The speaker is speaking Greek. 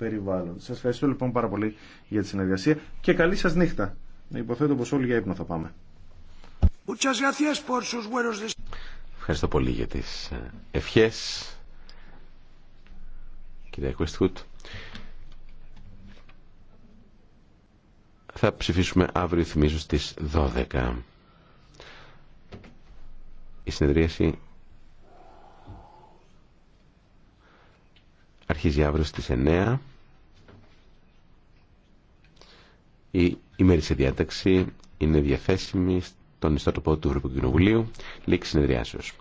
περιβάλλον. Σας ευχαριστώ λοιπόν πάρα πολύ για τη συνεργασία και καλή σας νύχτα. Να Υποθέτω πως όλοι για ύπνο θα πάμε. Ευχαριστώ πολύ για τις ε, ευχές. Κυρία Κουεστχούτ. Θα ψηφίσουμε αύριο, θυμίζω, στις 12. Η συνεδρίαση αρχίζει αύριο στις 9. Η ημερήσια διάταξη είναι διαθέσιμη στον ιστότοπο του Ευρωπαϊκού Κοινοβουλίου. Λήξη συνεδριάσεως.